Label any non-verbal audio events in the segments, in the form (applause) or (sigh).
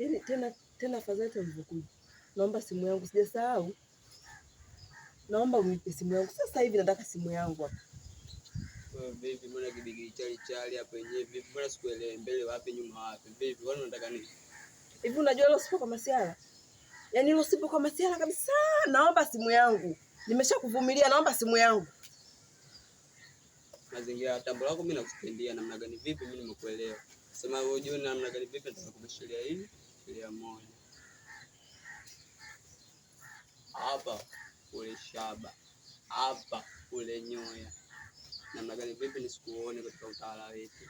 Yaani tena tena afadhali hata Naomba simu yangu sijasahau. Naomba unipe simu yangu. Sasa hivi nataka simu yangu hapa. Wewe vipi, mbona kibigili chali chali hapa yenyewe vipi? Mbona sikuelewe, mbele wapi nyuma wapi? Vipi, wewe unataka nini? Hivi unajua hilo sipo kwa masiara? Yaani hilo sipo kwa masiara kabisa. Naomba simu yangu. Nimeshakuvumilia, naomba simu yangu. Mazingira ya tambo lako mimi nakusipendia namna gani vipi mimi nimekuelewa. Sema wewe unajua namna gani vipi nitakukumbushia mara moja. Hapa kule shaba, hapa kule nyoya. Namna gani vipi nisikuone katika utawala wetu?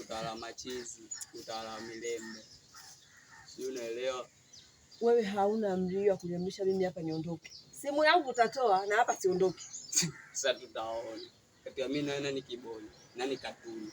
Utawala wa machizi, utawala wa milembe, sijui unaelewa wewe. Hauna mlio wa kunyamrisha mimi hapa niondoke. Simu yangu utatoa na hapa siondoke. (laughs) Sasa tutaona katika mimi naona ni kiboni na katuni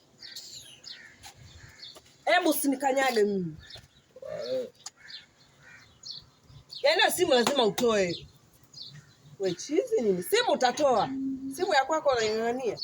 Hebu usinikanyage mimi. Yaani simu lazima utoe. We chizi nini? Simu utatoa. Simu ya kwako unaing'ang'ania.